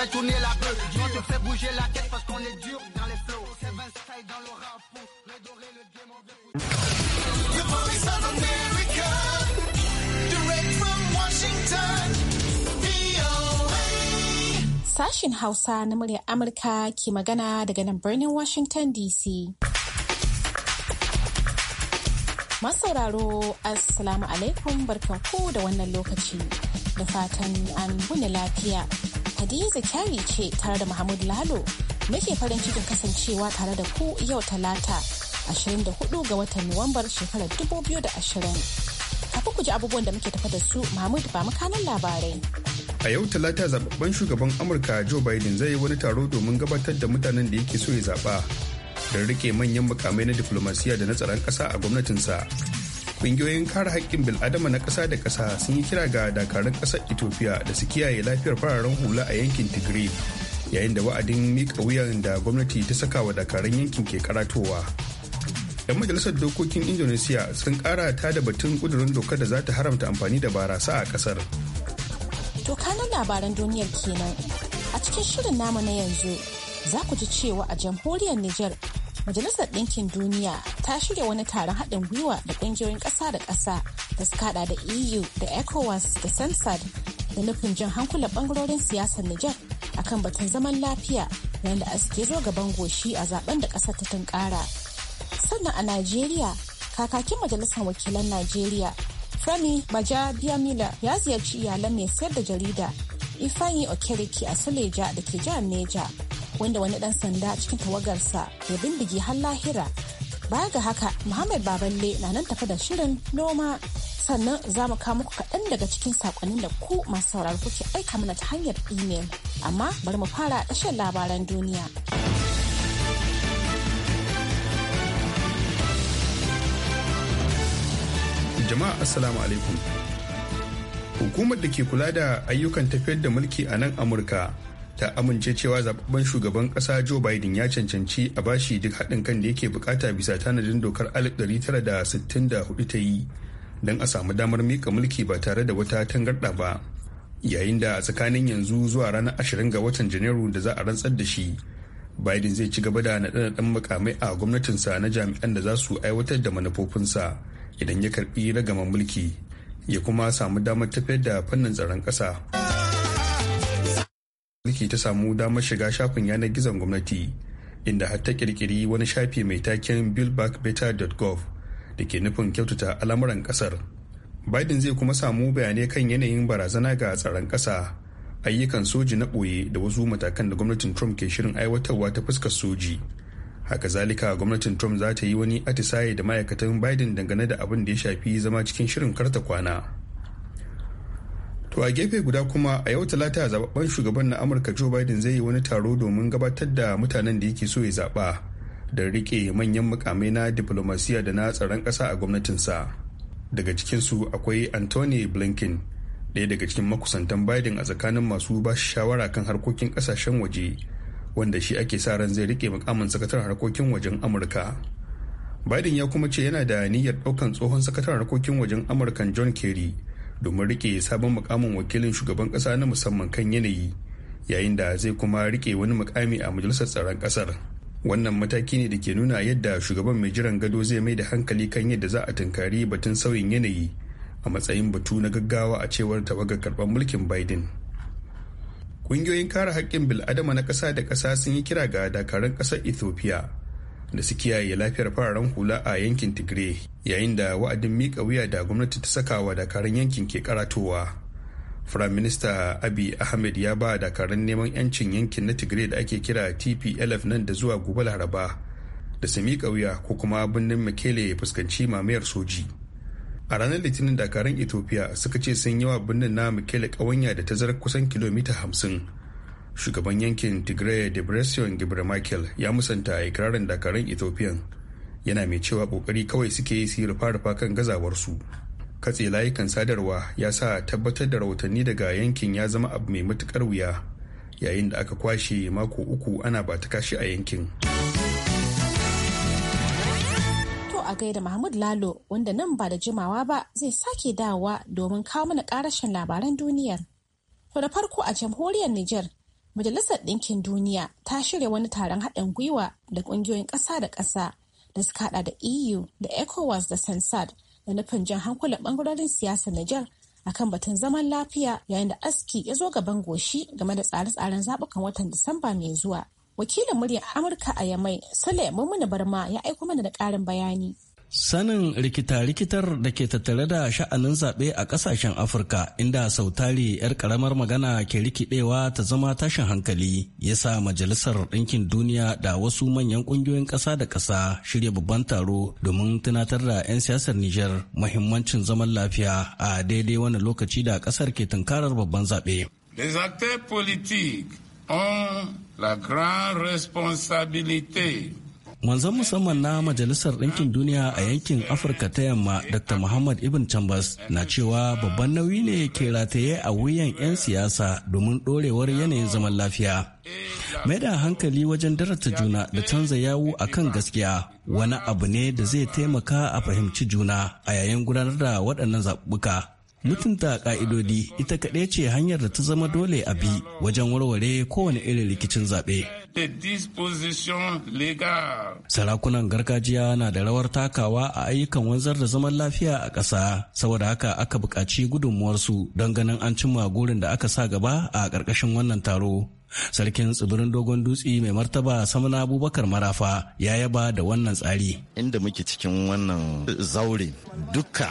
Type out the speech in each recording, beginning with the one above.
fait tourner la bœuf. bouger la tête parce qu'on est dur dans les flots. C'est style dans le rap pour redorer le The voice of America, direct from Washington. Sashin Hausa na muryar Amurka ke magana daga nan birnin Washington DC. Masauraro, Assalamu alaikum barkanku da wannan lokaci. Da fatan an wuni lafiya. Hadiza Kyari ce tare da Mahmud Lalo. Muke farin cikin kasancewa tare da ku yau Talata 24 ga watan Nuwambar shekarar 2020. Kafin ku ji abubuwan da muke tafa da su Mahmud ba makanan labarai. A yau Talata zababben shugaban Amurka Joe Biden zai yi wani taro domin gabatar da mutanen da yake so ya zaba. Don rike manyan mukamai na diflomasiyya da na tsaron ƙasa a gwamnatinsa. kungiyoyin kare haƙƙin bil'adama na ƙasa da ƙasa sun yi kira ga dakarun ƙasar ethiopia da su kiyaye lafiyar fararen hula a yankin tigray yayin da wa'adin miƙa wuyan da gwamnati ta saka wa dakarun yankin ke karatowa yan majalisar dokokin indonesia sun ƙara ta da batun ƙudurin dokar da za ta haramta amfani da barasa a ƙasar to kanan labaran duniyar kenan a cikin shirin namu na yanzu za ku ji cewa a jamhuriyar niger Majalisar Ɗinkin Duniya ta shirya wani taron haɗin gwiwa da ƙungiyoyin ƙasa da ƙasa da suka haɗa da EU da ECOWAS da SANSAD da nufin jan hankula ɓangarorin siyasar Nijar a kan batun zaman lafiya yayin a suke zo gaban goshi a zaben da ƙasar ta tunkara. Sannan a Najeriya, kakakin Majalisar Wakilan Najeriya, Femi Baja Biamila ya ziyarci iyalan mai sayar da jarida Ifeanyi Okereke a Suleja da ke jihar Neja. wanda wani dan sanda cikin tawagarsa ya bindige har lahira baya ga haka muhammad baballe na nan tafi da shirin noma sannan za mu kawo muku kaɗan daga cikin saƙonin da ku masu sauraro kuke aika mana ta hanyar imel amma bari mu fara tashar labaran duniya jama'a assalamu alaikum hukumar da ke kula da ayyukan tafiyar da mulki a nan amurka ta amince cewa zababben shugaban kasa joe biden ya cancanci a bashi duk haɗin kan da yake bukata bisa tanadin dokar 1964 ta yi don a samu damar mika mulki ba tare da wata tangarɗa ba yayin da a tsakanin yanzu zuwa ranar 20 ga watan janairu da za a rantsar da shi biden zai ci gaba da naɗe-naɗen makamai a gwamnatinsa na jami'an da za su aiwatar da manufofinsa idan ya karɓi ragaman mulki ya kuma samu damar tafiyar da fannin tsaron ƙasa. mulki ta samu damar shiga shafin yanar gizon gwamnati inda har ta kirkiri wani shafi mai taken buildbackbetter.gov da ke nufin kyautata al'amuran kasar biden zai kuma samu bayanai kan yanayin barazana ga tsaron kasa ayyukan soji na ɓoye da wasu matakan da gwamnatin trump ke shirin aiwatarwa ta fuskar soji haka zalika gwamnatin trump za ta yi wani atisaye da ma'aikatan biden dangane da abin da ya shafi zama cikin shirin karta kwana To a gefe guda kuma a yau talata zababben shugaban na Amurka Joe Biden zai yi wani taro domin gabatar da mutanen da yake so ya zaba da riƙe manyan mukamai na diplomasiya da na tsaron ƙasa a gwamnatinsa. Daga cikinsu akwai Anthony Blinken, ɗaya daga cikin makusantan Biden a tsakanin masu ba shawara kan harkokin kasashen waje, wanda shi ake sa ran zai rike mukamin sakataren harkokin wajen Amurka. Biden ya kuma ce yana da niyyar ɗaukan tsohon sakataren harkokin wajen Amurkan John Kerry domin rike sabon mukamin wakilin shugaban kasa na musamman kan yanayi yayin da zai kuma rike wani mukami a majalisar tsaron kasar wannan mataki ne da ke nuna yadda shugaban mai jiran gado zai mai da hankali kan yadda za a tunkari batun sauyin yanayi a matsayin batu na gaggawa a cewar tawagar karɓar mulkin biden ƙungiyoyin kare haƙƙin bil'adama na ƙasa da ƙasa sun yi kira ga dakarun ƙasar ethiopia da su kiyaye lafiyar fararen hula a yankin tigray yayin da wa'adin miƙa wuya da gwamnati ta saka wa dakarun yankin ke karatowa firayim minista abi ahmed ya ba dakarun neman yancin yankin na tigray da ake kira tplf nan da zuwa gobe laraba da su miƙa wuya ko kuma birnin mikele ya fuskanci mamayar soji a ranar litinin dakarun ethiopia suka ce sun yi wa birnin na mikele ƙawanya da tazarar kusan kilomita hamsin shugaban yankin tigray debretsion gibra michael ya musanta a ikirarin dakarun ethiopian yana mai cewa kokari kawai suke yi su rufa-rufa kan gazawarsu katse layukan sadarwa ya sa tabbatar da rahotanni daga yankin ya zama abu mai matukar wuya yayin da aka kwashe mako uku ana ba ta kashi a yankin to a gaida mahmud lalo wanda nan ba da jimawa ba zai sake dawowa domin kawo mana karashin labaran duniyar to da farko a jamhuriyar niger Majalisar Ɗinkin Duniya ta shirya wani taron haɗin gwiwa da ƙungiyoyin ƙasa da ƙasa da suka haɗa da EU da ECOWAS da sansad da nufin jan hankulan ɓangarorin siyasar Nijar kan batun zaman lafiya yayin da aski ya zo gaban goshi game da tsare-tsaren zaɓukan watan Disamba mai zuwa. Wakilin muryar Amurka a Yamai, Sule Mumuna Barma ya aiko mana da ƙarin bayani. Sanin rikita-rikitar da ke tattare da sha'anin zaɓe a ƙasashen Afirka inda sautari 'yar ƙaramar magana ke rikidewa ta zama tashin hankali ya sa Majalisar Ɗinkin Duniya da wasu manyan ƙungiyoyin ƙasa da ƙasa shirya babban taro domin tunatar da 'yan siyasar Nijar muhimmancin zaman lafiya a daidai wani lokaci da ƙasar ke tunkarar babban zaɓe. Les la grande responsabilité Manzan musamman na Majalisar Ɗinkin Duniya a yankin Afirka ta Yamma Dr. Muhammad Ibn chambers na cewa babban nauyi ne ke rataye a wuyan 'yan siyasa domin ɗorewar yanayin zaman lafiya. Mai da hankali wajen darata juna da canza yawu a kan gaskiya wani abu ne da zai taimaka a fahimci juna a yayin gudanar da waɗannan zaɓuɓɓuka. mutunta ka'idodi ita kaɗai ce hanyar da ta zama dole a bi wajen warware kowane irin rikicin zaɓe. Sarakunan gargajiya na da rawar takawa a ayyukan wanzar da zaman lafiya a ƙasa, saboda haka aka buƙaci gudunmuwarsu don ganin an cimma gurin da aka sa gaba a ƙarƙashin wannan taro. sarkin tsibirin dogon dutse mai martaba samuna abubakar marafa ya yaba da wannan tsari inda muke cikin wannan zaure duka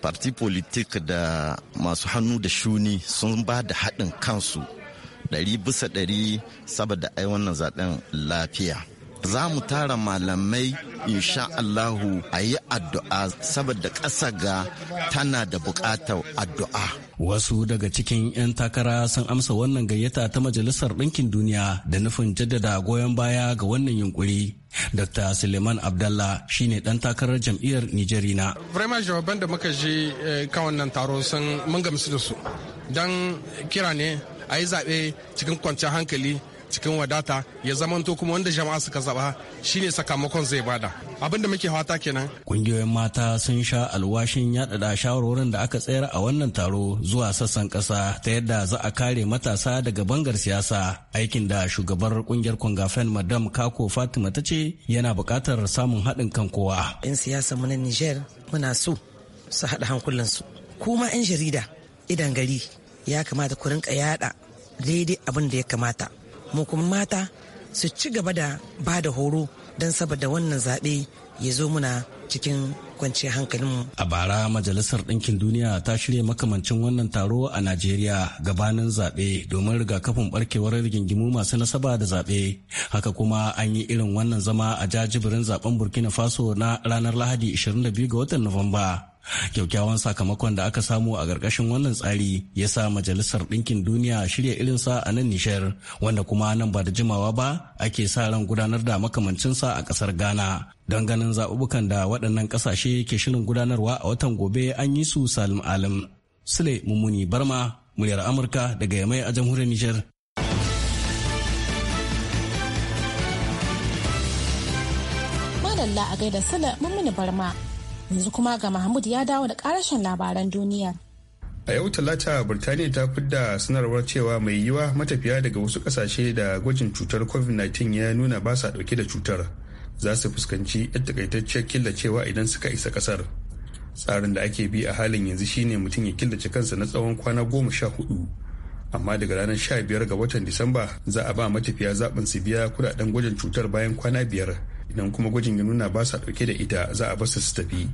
parti politik da masu hannu da shuni sun ba da haɗin kansu ɗari bisa ɗari saboda ai wannan zaɓen lafiya za mu tara malamai insha Allahu a yi addu'a saboda ƙasa ga tana da buƙatar addu'a. Wasu daga cikin 'yan takara sun amsa wannan gayyata ta Majalisar Ɗinkin Duniya da nufin jaddada goyon baya ga wannan yunkuri Dr. Suleiman Abdallah shine dan takarar jam'iyyar Nijerina. Vraiment jawaban da muka ji eh, kan wannan taro sun mun gamsu da su. Dan kira ne a yi zaɓe cikin kwanciyar hankali cikin wadata ya zamanto kuma wanda jama'a suka zaba shine sakamakon zai bada abinda muke fata kenan kungiyoyin mata sun sha alwashin yaɗaɗa shawarorin da aka tsayar a wannan taro zuwa sassan kasa ta yadda za a kare matasa daga bangar siyasa aikin da shugabar kungiyar kwangafen madam kako fatima ta ce yana buƙatar samun haɗin kan kowa yan siyasa mu na niger muna so su haɗa hankulansu kuma yan jarida idan gari ya kamata ku rinka yaɗa daidai abin da ya kamata mu kuma mata su ci gaba da ba da horo don saboda wannan zaɓe ya zo muna cikin kwanciyar hankalinmu. A bara Majalisar Ɗinkin Duniya ta shirya makamancin wannan taro a Najeriya gabanin zaɓe domin rigakafin barkewar rigingimu masu nasaba da zaɓe. Haka kuma an yi irin wannan zama a jajibirin zaben Burkina Faso na ranar Lahadi 22 ga watan Nuwamba. kyaukyawan sakamakon da aka samu a ƙarƙashin wannan tsari ya sa majalisar ɗinkin duniya shirya irinsa a nan nishar wanda kuma nan ba da jimawa ba ake sa ran gudanar da makamancinsa a ƙasar ghana don ganin zaɓuɓɓukan da waɗannan ƙasashe ke shirin gudanarwa a watan gobe an yi su salim alim sule mummuni barma muryar amurka daga yamai a jamhuriyar nijar madalla a gaida sule mummuni barma Yanzu kuma ga Mahmud ya dawo da karashen labaran duniya. A yau Talata Birtaniya ta fidda sanarwar cewa mai yiwa matafiya daga wasu kasashe da gwajin cutar COVID-19 ya nuna ba sa dauke da cutar za su fuskanci yan takaitacciyar killacewa idan suka isa kasar. Tsarin da ake bi a halin yanzu shine mutum ya killace kansa na tsawon kwana goma sha hudu. Amma daga ranar sha biyar ga watan Disamba za a ba matafiya zaɓin su biya kudaden gwajin cutar bayan kwana biyar idan kuma gwajin ya nuna ba sa dauke da ita za a basa su tafi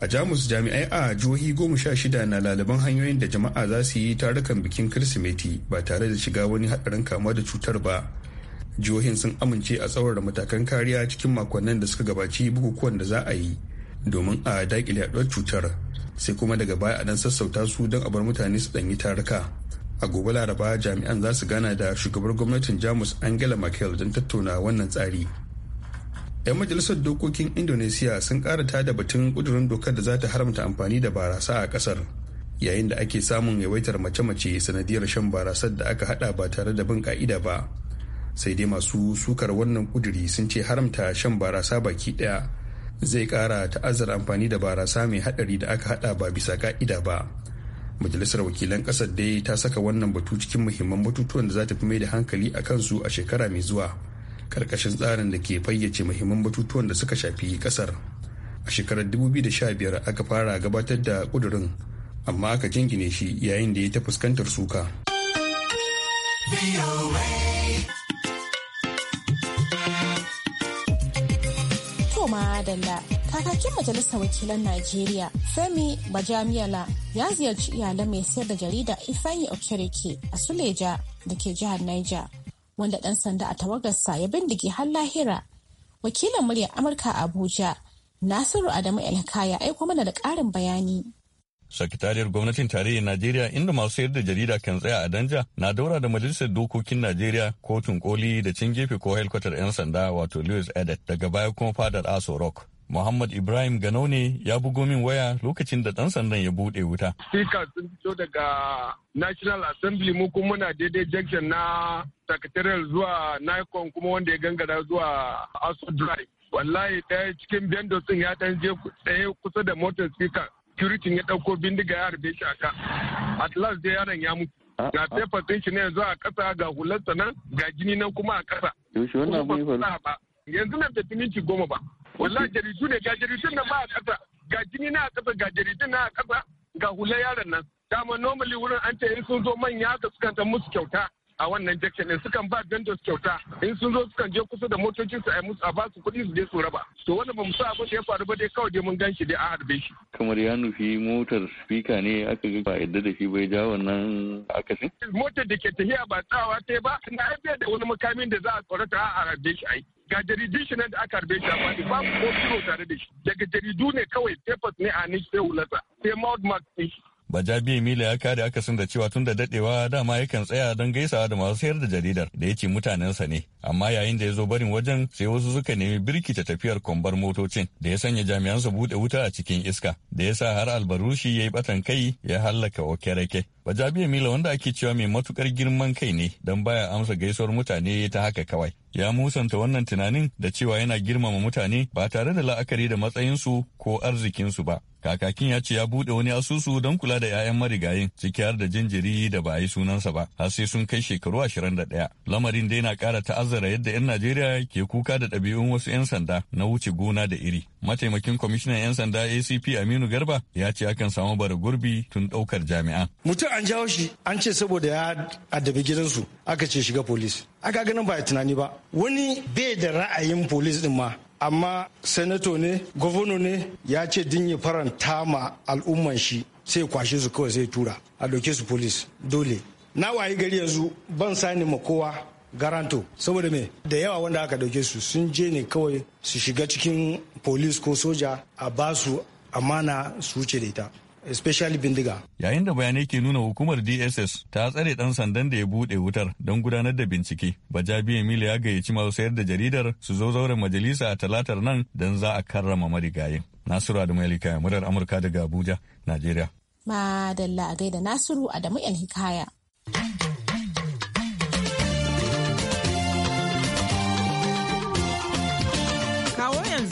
a jamus jami'ai a jihohi goma sha shida na laliban hanyoyin da jama'a za su yi tarukan bikin kirsimeti ba tare da shiga wani hadarin kamuwa da cutar ba jihohin sun amince a tsawar matakan kariya cikin makonnin da suka gabaci bukukuwan da za a yi domin a daƙile yaduwar cutar sai kuma daga baya a dan sassauta su don a bar mutane su danyi taruka a gobe laraba jami'an za su gana da shugabar gwamnatin jamus angela merkel don tattauna wannan tsari 'yan majalisar dokokin Indonesia sun kara tada batun kudurin dokar da za ta haramta amfani da barasa a kasar yayin da ake samun yawaitar mace-mace sanadiyar shan barasar da aka hada ba tare da bin ka'ida ba sai dai masu sukar wannan kuduri sun ce haramta shan barasa baki daya zai kara ta'azzar amfani da barasa mai hadari da aka hada ba bisa ka'ida ba majalisar wakilan kasar dai ta saka wannan batu cikin muhimman batutuwan da za ta fi mai da hankali a kansu a shekara mai zuwa karkashin tsarin da ke fayyace muhimman batutuwan da suka shafi kasar a shekarar 2015 aka fara gabatar da kudurin amma aka jingine shi yayin da ya ta fuskantar suka kakakin majalisar wakilan Najeriya Femi Bajamiyala ya ziyarci iyalan mai sayar da jarida Ifeanyi Okereke a Suleja da ke jihar Niger wanda ɗan sanda a tawagarsa ya bindige har lahira. Wakilin muryar Amurka a Abuja, Nasiru Adamu Elkaya aiko mana da ƙarin bayani. Sakatariyar gwamnatin tarayyar Najeriya inda masu sayar da jarida kan tsaya a danja na daura da majalisar dokokin Najeriya kotun koli da cin gefe ko helkwatar 'yan sanda wato Louis Edet daga baya kuma fadar Aso Rock. Muhammad Ibrahim Ganau ne ya bugo min waya lokacin da ɗan sandan ya buɗe wuta. Speaker sun fito daga National Assembly mu kuma muna daidai junction na Secretarial zuwa Nikon kuma wanda ya gangara zuwa Aso Drive. Wallahi ɗaya cikin bendo sun ya ɗan je tsaye kusa da motar speaker. Security ya ɗauko bindiga ya harbe shi ka. At last dai yaron ya mutu. Ah, ga ah. paper sun shi ne yanzu ƙasa ga hularsa nan ga jini nan kuma a ƙasa. Yanzu na tafi minti goma ba. wallahi jaridu ne ga jaridun nan ba a kasa ga jini na a kasa ga jaridun na a kasa ga hula yaron nan dama normally wurin an ce in sun zo manya ka sukan ta musu kyauta a wannan jacket din sukan ba vendors kyauta in sun zo sukan je kusa da motocin su a musu a basu kuɗi su je su raba to wanda ba mu sa abin da ya faru ba dai kawai dai mun gan shi dai a harbe shi kamar ya nufi motar speaker ne aka ga ba yadda da shi bai ja wannan akasin motar da ke tafiya ba tsawa ta ba na aibe da wani makamin da za a tsorata a harbe shi ai ga jaridun shi nan da aka harbe shi amma babu ko tare da shi daga jaridu ne kawai tefas ne a nishi sai hulasa sai maud mark Bajabi Mila ya kare akasin da cewa tun da dadewa dama yakan tsaya don gaisawa da masu sayar da jaridar da ya ce mutanensa ne. Amma yayin da ya zo barin wajen sai wasu suka nemi ta tafiyar kwambar motocin da ya sanya jami'ansa bude wuta a cikin iska da ya sa har albarushi ya yi batan kai ya hallaka okereke. Bajabi Mila wanda ake cewa mai matukar girman kai ne don baya amsa gaisuwar mutane ta haka kawai. Ya musanta wannan tunanin da cewa yana girmama mutane ba tare da la'akari da matsayinsu ko arzikinsu ba. Kakakin ya ce ya buɗe wani asusu don kula da 'ya'yan marigayin ciki har da jinjiri da ba a yi sunansa ba har sai sun kai shekaru 21. Lamarin dai na kara ta'azzara yadda 'yan Najeriya ke kuka da ɗabi'un wasu 'yan sanda na wuce gona da iri. Mataimakin kwamishinan 'yan sanda ACP Aminu Garba ya ce akan samu bara gurbi tun ɗaukar jami'a. Mutum an jawo shi an ce saboda ya addabi gidansu aka ce shiga polis. Aka ganin ba tunani ba wani bai da ra'ayin polis din ma amma sanato ne gwamna ne ya ce din ya faranta ma al'umman shi sai kwashe su kawai sai tura a doke su polis dole na wayi gari yanzu ban sani ma kowa garanto saboda me da yawa wanda aka dauke su sun je ne kawai su shiga cikin polis ko soja a basu amana su wuce da ita especially bindiga. Yayin da bayanai ke nuna hukumar DSS ta tsare dan sandan da ya bude wutar don gudanar da bincike, Bajabi Emile ya gayyaci masu sayar da jaridar su zo zauren majalisa a talatar nan don za a karrama marigayin. Nasiru Adamu Yalika, murar Amurka daga Abuja, Najeriya. Madalla a gaida Nasiru Adamu Hikaya.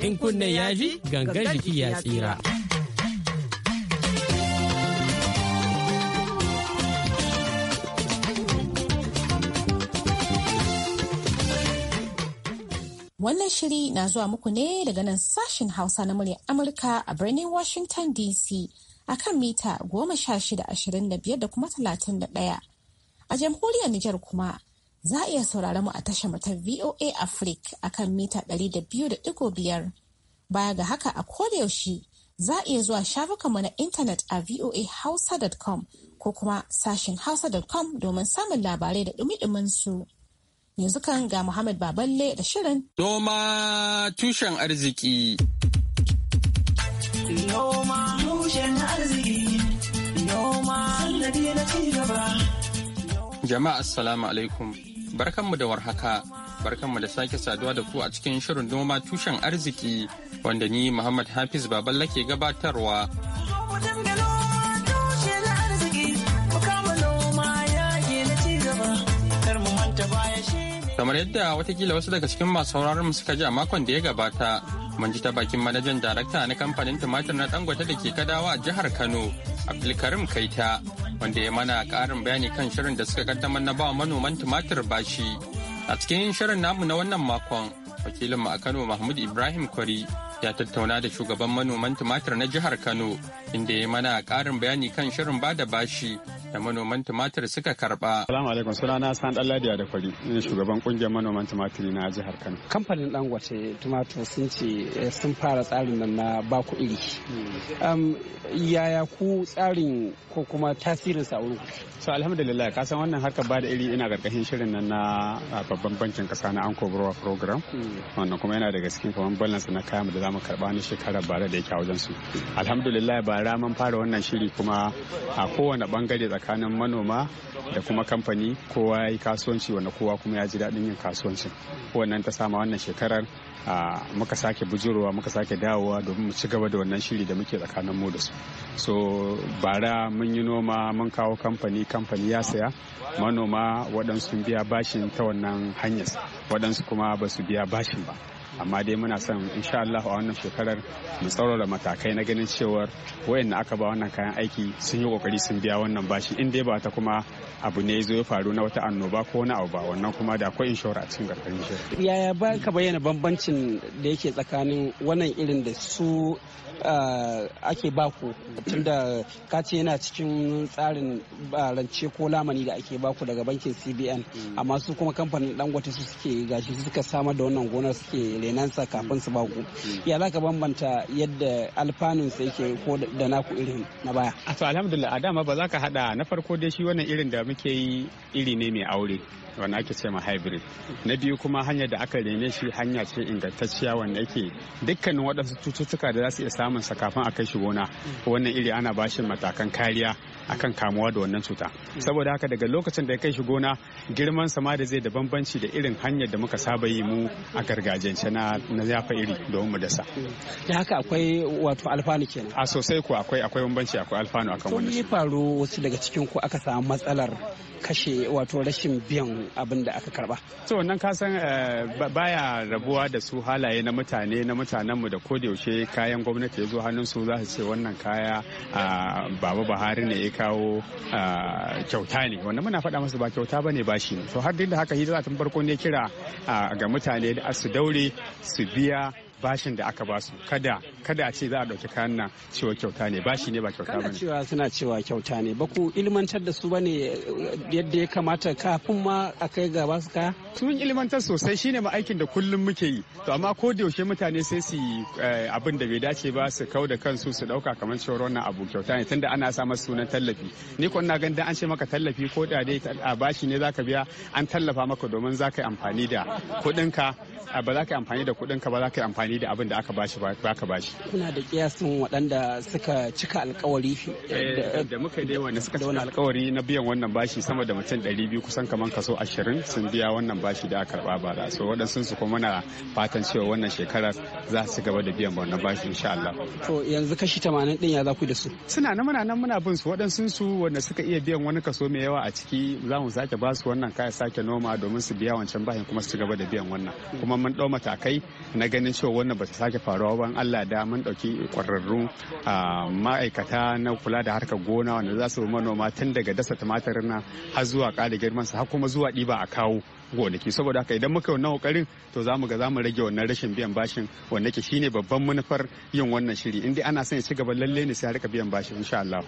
in kunne ya ji gangan jiki ya tsira. Wannan shiri na zuwa muku ne daga nan sashen Hausa na muryar Amurka a birnin Washington DC a kan mita 1625 da kuma talatin da 31. A jamhuriyar Nijar kuma za a iya saurare mu a tashar mu ta VOA Africa kan mita 200.5. Baya ga haka a koda yaushe za a iya zuwa shafukanmu na intanet a voahausa.com ko kuma sashin hausa.com domin samun labarai da dumi su. Yanzu kan ga Muhammad Baballe da shirin. Noma tushen arziki. Noma tushen arziki. Noma na ci gaba. Jama'a assalamu alaikum. barkanmu da warhaka, barkanmu da sake saduwa da ku a cikin shirin noma tushen arziki wanda ni Muhammad Hafiz Baballa ke gabatarwa. Kamar yadda watakila wasu daga cikin masu sauraron suka ji a makon da ya gabata, mun ji ta bakin manajan darakta na kamfanin tumatir na dangote da ke kadawa a jihar Kano, Abdulkarim Kaita. wanda ya mana ƙarin bayani kan shirin da suka kaddamar na ba manoman tumatir bashi. A cikin shirin namu na wannan makon, wakilinmu a Kano Mahmud Ibrahim Kwari ya tattauna da shugaban manoman tumatir na jihar Kano inda ya mana ƙarin bayani kan shirin bada bashi da manoman tumatir suka karba. Salamu alaikum sunana San Dalladiya da Kwari ne shugaban kungiyar manoman tumatir na jihar Kano. Kamfanin Dangote tumatir sun ce eh, sun fara tsarin nan na baku iri. yaya ku tsarin ko kuma tasirin sa wurin? So alhamdulillah ka san wannan harkar bada iri ina karkashin shirin nan na babban bankin kasa na Anko Program. Hmm. Wannan kuma yana daga cikin kamar balance na kayan da za mu karba na shekarar bara da yake a wajen su alhamdulillah bara mun fara wannan shiri kuma a kowane bangare tsakanin manoma da kuma kamfani kowa ya yi kasuwanci wanda kowa kuma ya ji daɗin yin kasuwancin wannan ta sama wannan shekarar muka sake bujurowa muka sake dawowa domin mu ci gaba da wannan shiri da muke tsakanin mu da su so bara mun yi noma mun kawo kamfani kamfani ya saya manoma waɗansu biya bashin ta wannan hanyar waɗansu kuma ba su biya bashin ba amma dai muna son insha Allah a wannan shekarar mu tsaurara matakai na ganin cewar wayanda aka ba wannan kayan aiki sun yi kokari sun biya wannan bashi in dai ba ta kuma abu ne zo ya faru na wata annoba ko na abu ba wannan kuma da akwai inshora a cikin karkarin shi yaya ba ka bayyana bambancin da yake tsakanin wannan irin da su ake baku tunda ka ce yana cikin tsarin rance ko lamani da ake baku daga bankin cbn hmm. amma su kuma kamfanin dangote su suke gashi su suka samar da wannan gonar suke renansa kafin su baku hmm. ya za ka bambanta yadda alfanun sa yake ko da naku irin na baya to alhamdulillah a dama ba za ka hada na farko dai shi wannan irin da muke yi iri ne mai aure wanda ake ce ma hybrid na biyu kuma hanyar da aka rene shi hanya ce ingantacciya wanda ake dukkanin waɗansu cututtuka da za su iya samun sakafin a kai shi gona wannan iri ana bashi matakan kariya akan kamuwa da wannan cuta saboda haka daga lokacin da ya kai shi gona girman sama da zai da bambanci da irin hanyar da muka saba yi mu a gargajiyance na na zafa iri domin mu dasa da haka akwai wato alfanu kenan a sosai ku akwai akwai bambanci akwai alfanu akan wannan to faru wasu daga cikin ku aka samu matsalar kashe wato rashin biyan abin da aka karba. to wannan kasan eh, baya rabuwa da su halaye na mutane na mutanenmu da kodayaushe kayan gwamnati ya zo hannun su za su ce wannan kaya baba buhari ne ya kawo kyauta ne wannan muna faɗa masa ba kyauta ba ne ba shi to har duk da haka hidima tun farko ne kira ga mutane da su daure su biya bashin da aka basu kada kada a ce za a ɗauki kayan nan cewa kyauta ne bashi ne ba kyauta ba cewa suna cewa kyauta ne ba ku ilmantar da su bane eh, yadda ya kamata kafin ma a kai ga basu kaya sun ilmantar sosai shine ma aikin da kullum muke yi to amma ko da yaushe mutane sai su eh, abin da bai dace ba su kau da kansu su ɗauka kamar cewa wannan abu kyauta ne tunda ana sa masa sunan tallafi ni na gan ganin an ce maka tallafi ko da dai a bashi ne zaka biya an tallafa maka domin zaka yi amfani da kuɗinka ba za ka yi amfani da kuɗinka ba za ka yi amfani amfani da abin da aka bashi ka bashi kuna da kiyasin waɗanda suka cika alkawari eh, eh, da muka yi wanda suka cika alkawari na biyan wannan bashi sama da mutum biyu kusan kamar kaso ashirin sun biya wannan bashi da aka ba da. so waɗansu su kuma na fatan cewa wannan shekara za su gaba da biyan wannan bashi insha Allah to yanzu kashi tamanin din ya za ku da su suna nan muna nan muna bin su waɗansu su wanda suka iya biyan wani kaso mai yawa a ciki za mu sake ba su wannan kaya sake noma domin su biya wancan bahin kuma su ci gaba da biyan wannan kuma mun ɗau matakai na ganin cewa wannan ba su sake faruwa ban Allah da mun ɗauki kwararrun ma'aikata na kula da harkar gona wanda za su manoma tun daga dasa tumatir na har zuwa ƙara girman su har kuma zuwa ɗiba a kawo gonaki saboda haka idan muka wannan kokarin to za mu ga za mu rage wannan rashin biyan bashin wanda ke shine babban manufar yin wannan shiri inda ana son ya ci gaba lalle ne sai rika biyan bashin insha Allah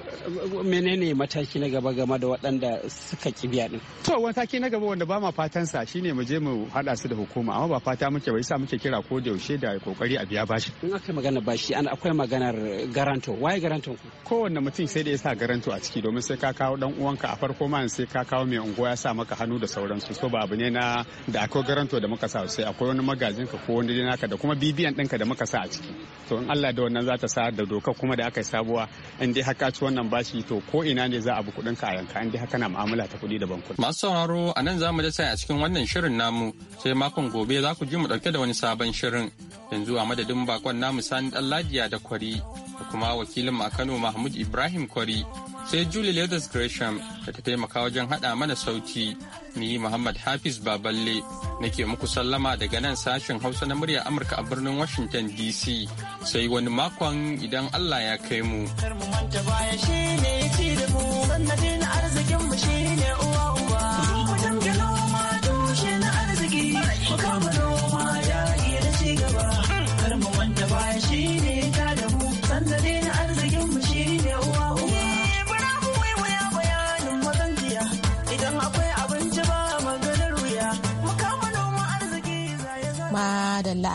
menene mataki na gaba game da waɗanda suka ki biya din to mataki na gaba wanda ba ma fatan sa shine mu je mu hada su da hukuma amma ba fata muke ba yasa muke kira ko da yaushe da kokari a biya bashin in aka magana bashi an akwai maganar garanto waye garanto ku kowanne mutum sai da yasa garanto a ciki domin sai ka kawo dan uwanka a farko ma sai ka kawo mai unguwa ya sa maka hannu da sauransu so ba abu ne na da akwai garanto da muka sa sai akwai wani magajin ka ko wani naka da kuma bibiyan ɗinka da muka sa a ciki to in Allah da wannan za ta sa da doka kuma da aka yi sabuwa in dai haka ci wannan bashi to ko ina ne za a bi kuɗin ka a yanka in dai haka na mu'amala ta kuɗi da bankuna. Masu sauraro a nan za mu da sai a cikin wannan shirin namu sai makon gobe za ku ji mu ɗauke da wani sabon shirin yanzu a madadin bakon namu sani ɗan da kwari kuma wakilin a Kano Mahmud Ibrahim Kwari sai Julie Leathers Gresham da ta taimaka wajen haɗa mana sauti ni Muhammad Hafiz Baballe nake muku sallama daga nan sashen Hausa na murya Amurka a birnin Washington DC sai wani makon idan Allah ya kai mu.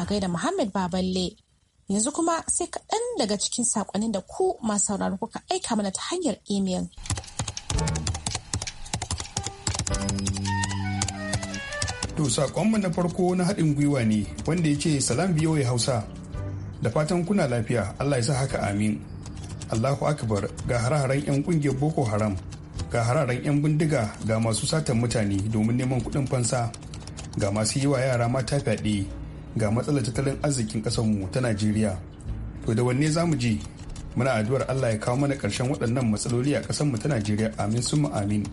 a gaida Muhammad Baballe. Yanzu kuma sai kaɗan daga cikin saƙonin da ku masu sauraro kuka aika mana ta hanyar imel. To saƙonmu na farko na haɗin gwiwa ne wanda ya ce salam biyo ya Hausa. Da fatan kuna lafiya Allah ya sa haka amin. Allahu Akbar ga hare 'yan ƙungiyar Boko Haram ga hararen 'yan bindiga ga masu satan mutane domin neman kuɗin fansa ga masu yi wa yara mata fyaɗe ga matsalar tattalin arzikin mu ta najeriya to da wanne za mu je muna addu'ar allah ya kawo mana ƙarshen waɗannan matsaloli a mu ta najeriya amin summa amin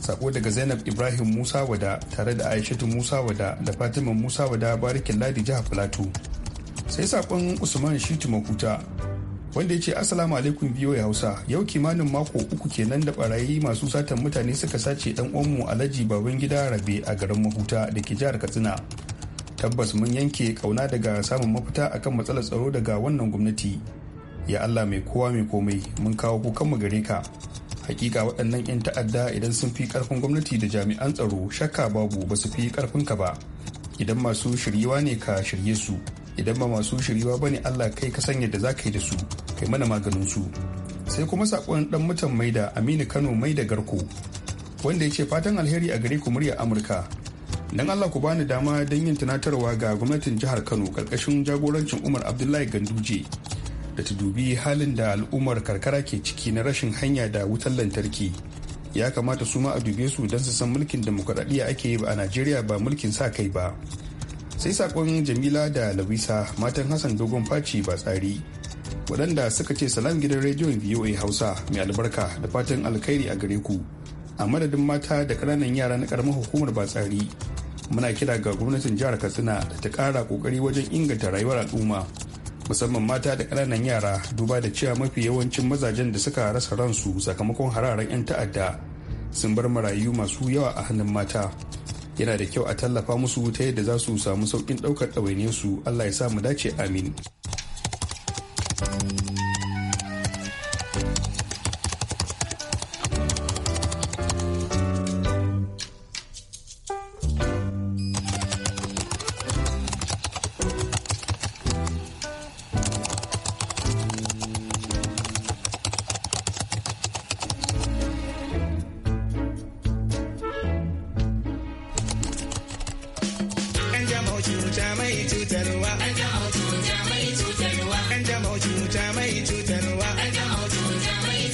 sako daga zainab ibrahim musa wada tare da aishatu musa wada da fatima musa wada barikin ladi jihar plateau sai saƙon usman shitu makuta wanda ya ce assalamu alaikum biyo ya hausa yau kimanin mako uku kenan da barayi masu satan mutane suka sace dan uwanmu alhaji baban gida rabe a garin mahuta da ke jihar katsina tabbas mun yanke kauna daga samun mafita akan matsalar tsaro daga wannan gwamnati ya allah mai kowa mai komai mun kawo kukanmu gare ka hakika waɗannan 'yan ta'adda idan sun fi karfin gwamnati da jami'an tsaro shakka babu ba su fi karfin ka ba idan masu shiryewa ne ka shirye su idan ba masu shiryewa ba ne allah kai ka sanya da za ka yi da su kai mana maganin su sai kuma saƙon ɗan mutan maida aminu kano maida garko wanda ya ce fatan alheri a gare ku murya amurka don allah ku bani dama don yin tunatarwa ga gwamnatin jihar kano karkashin jagorancin umar abdullahi ganduje da ta dubi halin da al'ummar karkara ke ciki na rashin hanya da wutar lantarki ya kamata su ma a dube su don su san mulkin demokuraɗiyya ake yi ba a najeriya ba mulkin sa kai ba sai sakon jamila da lawisa matan hassan dogon faci ba tsari waɗanda suka ce salam gidan rediyon voa hausa mai albarka da fatan alkhairi a gare ku a madadin mata da ƙananan yara na ƙaramar hukumar ba tsari muna kira ga gwamnatin jihar katsina da ta kara kokari wajen inganta rayuwar al'umma musamman mata da ƙananan yara duba da cewa mafi yawancin mazajen da suka rasa ransu sakamakon hararen 'yan ta'adda sun bar marayu masu yawa a hannun mata yana da kyau a tallafa musu ta yadda za su samu sauƙin ɗaukar ɗawainiyarsu allah ya sa mu dace amin cuta mai cutarwa kanjamau cuta mai cutarwa kanjamau cuta mai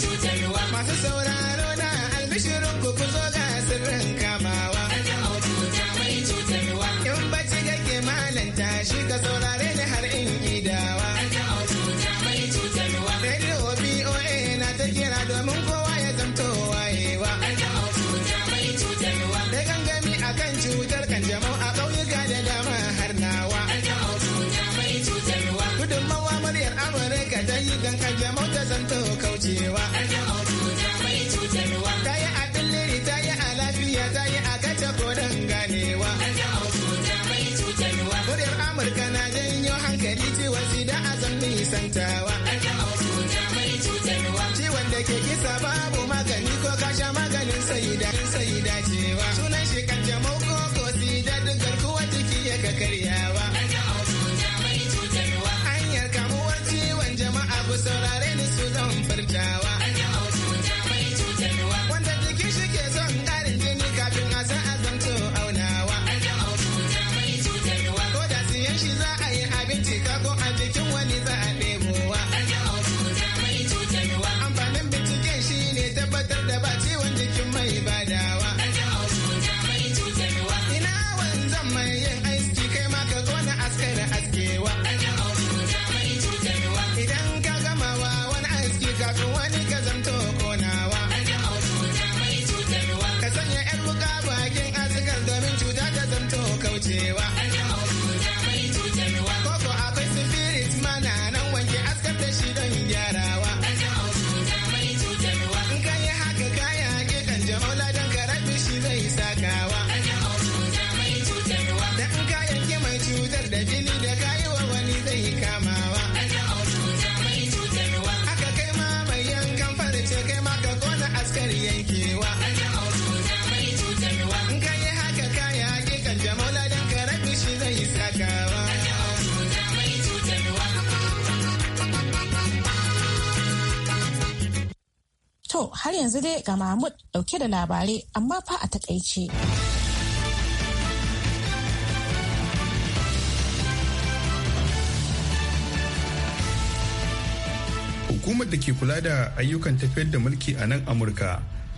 cutarwa masu sauraro na albishirin ku ku zo ga sirrin kamawa kanjamau cuta mai cutarwa in bacci kake malanta shi ka saurara da ke kisa babu magani ko kashe yanzu dai ga Mahmud dauke da labarai amma fa a takaice. Hukumar da ke kula da ayyukan tafiyar da mulki a nan Amurka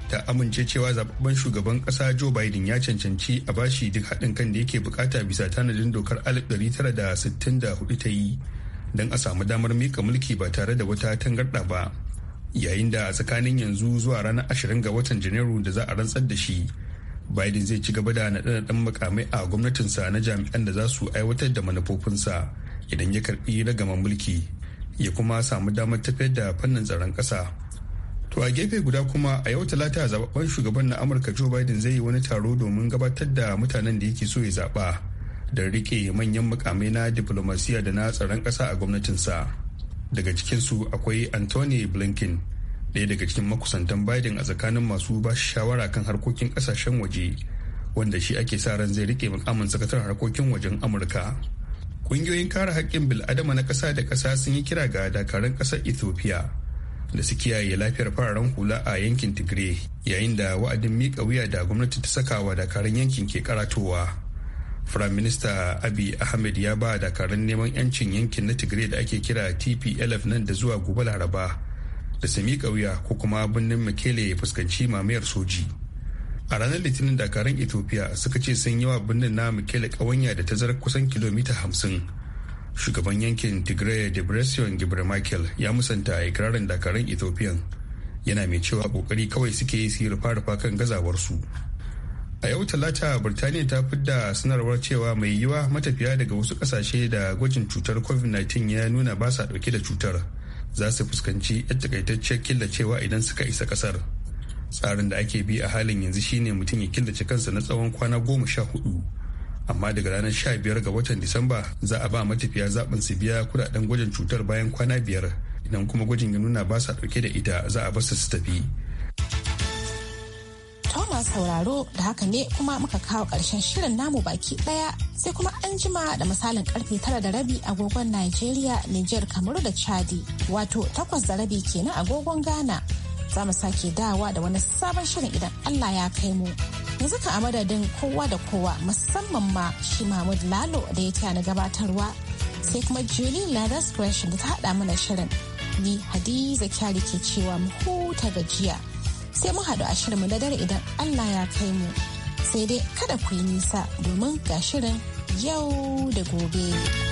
ta amince cewa zaɓaɓɓen shugaban ƙasa Joe Biden ya cancanci a bashi duk haɗin kan da yake bukata bisa tanadin dokar 1964 ta yi don a samu damar mika mulki ba tare da wata tangarɗa ba. yayin da tsakanin yanzu zuwa ranar ashirin ga watan janairu da za a rantsar da shi biden zai ci gaba da naɗe-naɗen makamai a gwamnatinsa na jami'an da za su aiwatar da manufofinsa idan ya karɓi ragaman mulki ya kuma samu damar tafiyar da fannin tsaron ƙasa to a gefe guda kuma a yau talata zababben shugaban na amurka joe biden zai yi wani taro domin gabatar da mutanen da yake so ya zaɓa da rike manyan mukamai na diplomasiya da na tsaron ƙasa a gwamnatinsa. daga cikinsu akwai anthony blinken ɗaya daga cikin makusantan biden a tsakanin masu ba shawara kan harkokin ƙasashen waje wanda shi ake sa ran zai rike mukamin sakataren harkokin wajen amurka ƙungiyoyin kare haƙƙin bil'adama na ƙasa da ƙasa sun yi kira ga dakarun ƙasar ethiopia da su kiyaye lafiyar fararen hula a yankin tigray yayin da wa'adin miƙa wuya da gwamnati ta saka wa dakarun yankin ke karatowa firaminista abi Ahmed ya ba dakarun neman 'yancin yankin na Tigray da ake kira TPLF nan da zuwa gobe Laraba da sami kauya ko kuma birnin mikele ya fuskanci mamayar soji. A ranar Litinin dakarun Ethiopia suka ce sun yi wa birnin na mikele kawanya da tazar kusan kilomita hamsin. Shugaban yankin Tigray Debretsion Gibre Michael ya musanta a ikirarin dakarun Ethiopian yana mai cewa kokari kawai suke yi su yi rufa-rufa kan gazawarsu. su. a yau talata birtaniya ta fi da sanarwar cewa mai yiwa matafiya daga wasu kasashe da gwajin cutar covid-19 ya nuna ba sa dauke da cutar za su fuskanci yan takaitacciyar killacewa idan suka isa kasar tsarin da ake bi a halin yanzu shine mutum ya killace kansa na tsawon kwana goma sha hudu amma daga ranar sha biyar ga watan disamba za a ba matafiya zaɓin su biya kudaden gwajin cutar bayan kwana biyar idan kuma gwajin ya nuna ba sa dauke da ita za a basu su tafi Thomas sauraro da haka ne kuma muka kawo ƙarshen shirin namu baki ɗaya sai kuma an jima da misalin karfe tara da rabi agogon Najeriya, niger Kamaru da Chadi wato takwas da rabi kenan agogon Ghana. Za mu sake dawa da wani sabon shirin idan Allah ya kai mu. Yanzu ka a madadin kowa da kowa musamman ma shi Mahmud Lalo da ya tana gabatarwa sai kuma Julie Ladas Gresham da ta haɗa mana shirin. Ni Hadiza Kyari ke cewa mu huta gajiya. sai mu haɗu a shirinmu da dare idan Allah ya kai mu. Sai dai kada ku yi nisa domin ga shirin yau da gobe.